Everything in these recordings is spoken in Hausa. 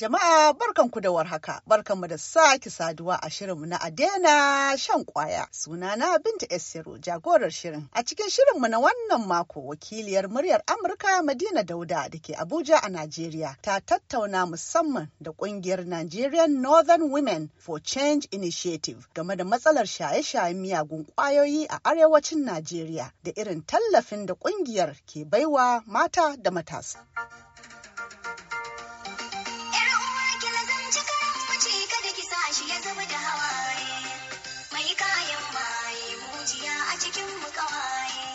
Jama'a barkanku da warhaka, barkanmu da sake saduwa a shirinmu na Adena shan kwaya. na Binta esiru jagorar shirin. A cikin shirinmu na wannan mako wakiliyar muryar Amurka Madina Dauda da ke Abuja a Najeriya ta tattauna musamman da kungiyar Nigerian Northern Women for Change Initiative game da matsalar shaye-shayen miyagun kwayoyi a arewacin Najeriya da irin tallafin da kungiyar ke baiwa mata da matasa. shi ya zubi da hawaye mai kayan maye mujiya a cikin mu kawaye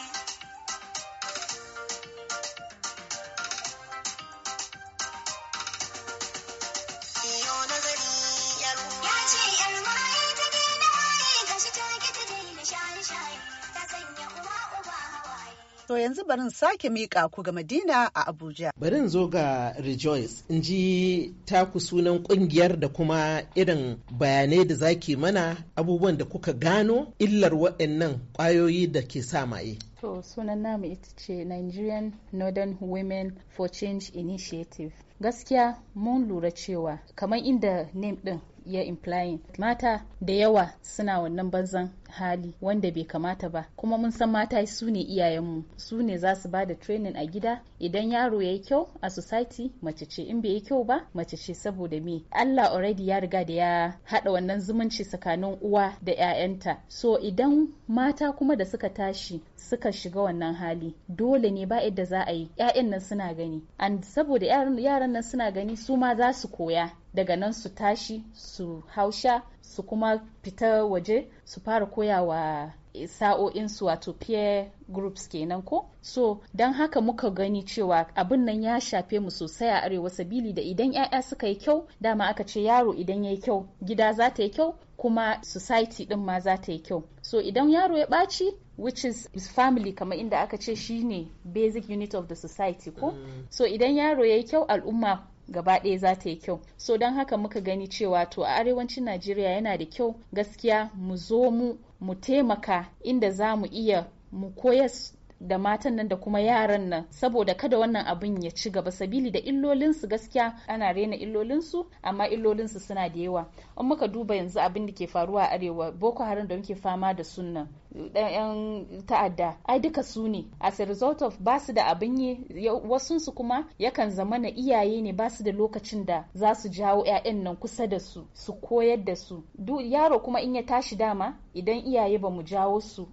Shine, shine, ta sanya uwa uba hawaye. To yanzu barin sake mika ku ga Madina a Abuja. Barin zo ga Rejoice in ji taku sunan kungiyar da kuma irin bayanai da zaki mana abubuwan da kuka gano illar waɗannan ƙwayoyi da ke sa maye. To sunan namu ita ce Nigerian Northern Women for Change Initiative. Gaskiya mun lura cewa kamar inda name ɗin ya implying mata da yawa suna wannan banzan hali wanda bai kamata ba kuma mun san mata su ne iyayenmu su ne za su ba da training a gida idan yaro ya yi kyau a society mace ce in bai yi kyau ba mace ce saboda me Allah already ya riga da ya haɗa wannan zumunci tsakanin uwa da 'ya'yanta so idan mata kuma da suka tashi suka shiga wannan hali dole ne ba yadda za a yi 'ya'yan nan suna gani and saboda yaran nan suna gani su ma za su koya daga nan su tashi su hausha su kuma fita waje su fara koyawa sa'o'insu wato peer groups kenan ko so don haka muka gani cewa abin nan ya shafe mu sosai a arewa sabili da idan 'ya'ya suka yi kyau dama aka ce yaro idan ya yi kyau gida za ta yi kyau kuma society din ma za ta yi kyau so idan yaro ya ɓaci which is his family kamar inda aka ce shi ne basic unit of the society ko mm. so idan yaro ya yi kyau al'umma gaba ɗaya za ta yi kyau so don haka muka gani cewa to a arewacin najeriya yana da kyau gaskiya mu zo mu mu taimaka inda za mu iya mu koyas da matan nan da kuma yaran nan saboda kada wannan abin ya ci gaba sabili da illolinsu gaskiya ana rena illolinsu amma illolinsu suna da yawa in muka duba yanzu abin da ke faruwa a arewa boko haram da muke fama da sunan. yan ta'adda ai duka su ne as a result of ba su da abin yi wasunsu kuma yakan zama na iyaye ne ba su da lokacin da za su jawo 'ya'yan nan kusa da su su koyar da su yaro kuma in ya tashi dama idan iyaye ba mu jawo su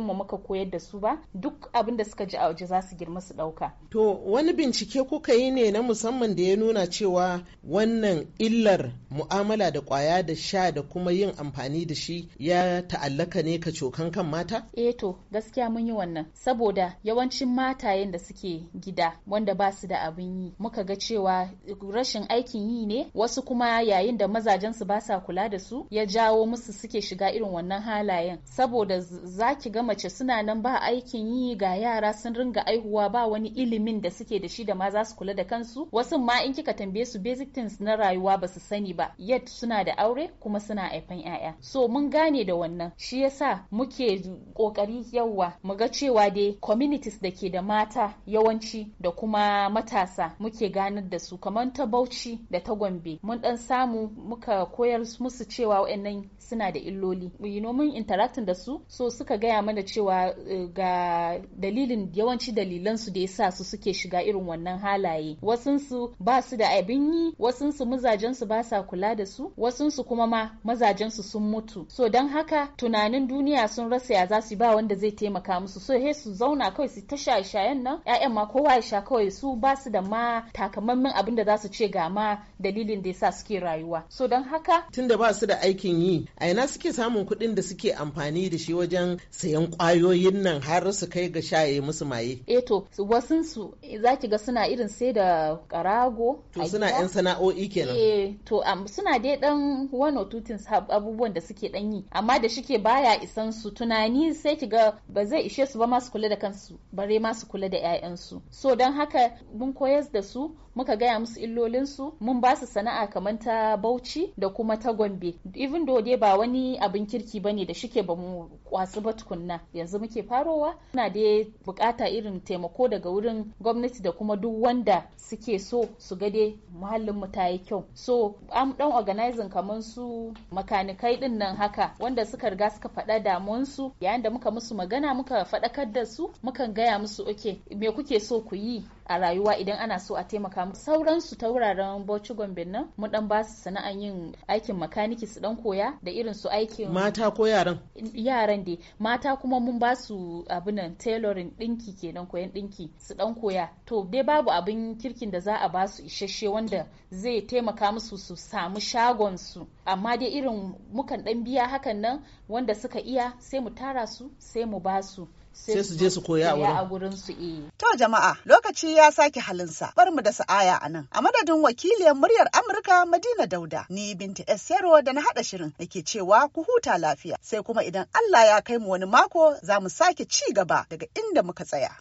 mu muka koyar da su ba duk abin da suka ji a waje za su girma su ɗauka. To wani bincike kuka yi ne na musamman da ya nuna cewa wannan illar mu'amala da kwaya da sha da kuma yin amfani da shi ya ta'allaka ne ka cokan kan mata? Eh to gaskiya mun yi wannan saboda yawancin matayen da suke gida wanda ba su da abin yi muka ga cewa rashin aikin yi ne wasu kuma yayin da mazajensu ba sa kula da su ya jawo musu suke shiga irin wannan halayen saboda za ki ga mace suna nan ba aikin yi ga yara sun ringa aihuwa ba wani ilimin da suke da shi da ma za su kula da kansu wasu ma in kika tambaye su basic things na rayuwa ba su sani ba yet suna da aure kuma suna haifan yaya so mun gane da wannan shi yasa muke kokari yawa mu ga cewa dai communities da ke da mata yawanci da kuma matasa muke ganar da su kamar ta Bauchi da ta Gombe mun dan samu muka koyar musu cewa waɗannan suna da illoli you know mun interacting da su so suka gaya mana cewa eh, ga dalilin yawanci dalilansu da yasa su suke shiga irin wannan halaye wasunsu ba su da abin yi wasunsu mazajensu ba sa kula da su wasunsu kuma ma mazajensu sun mutu so don haka tunanin duniya sun rasa ya za su ba wanda zai taimaka musu so he su zauna kawai su ta shayan nan ƴaƴan ma kowa ya sha kawai su ba su da ma takamaiman abin da za su ce ga ma dalilin da yasa suke rayuwa so don haka tunda ba su da aikin yi a ina suke samun kuɗin da suke amfani da shi wajen sayan kwayoyin nan har su kai ga shaye musu maye eh to wasun su zaki ga suna irin sai da karago to suna yan sana'o'i kenan eh to suna dai dan one or two things abubuwan da suke dan yi amma da shike baya isan su tunani sai ki ga ba zai ishe su ba ma su kula da kansu bare ma su kula da 'ya'yansu so don haka mun koyar da su muka gaya musu illolinsu mun ba su sana'a kamar ta bauchi da kuma ta gombe even though dai ba wani abin kirki bane da shike ba mu kwasu ba tukunna yanzu muke farowa muna da bukata irin taimako daga wurin gwamnati da kuma duk wanda suke so su ga dai muhallin mu ta yi kyau so an dan organizing kamar su makanikai din nan haka wanda suka riga suka faɗa damuwan su yayin da muka musu magana muka faɗakar da su mukan gaya musu oke me kuke so ku yi a rayuwa idan ana so a taimaka musu sauransu ta wuraren Bauchi Gombe nan mu dan basu su sana'an yin aikin makaniki su dan koya da irin su aikin mata ko yaran yaran dai mata kuma mun ba su nan. tailoring dinki kenan koyan dinki su dan koya to dai babu abin kirkin da za a ba su isasshe wanda zai taimaka musu su samu shagon su amma dai irin mukan dan biya hakan nan wanda suka iya sai mu tara su sai mu ba su sai su je su koya a wurin su eh. To jama'a lokaci ya sake halinsa bar mu da sa'aya a nan. A madadin wakiliyar muryar Amurka Madina Dauda ni Binta esero da na hada shirin nake cewa ku huta lafiya sai kuma idan Allah ya kai mu wani mako za mu sake ci gaba daga inda muka tsaya.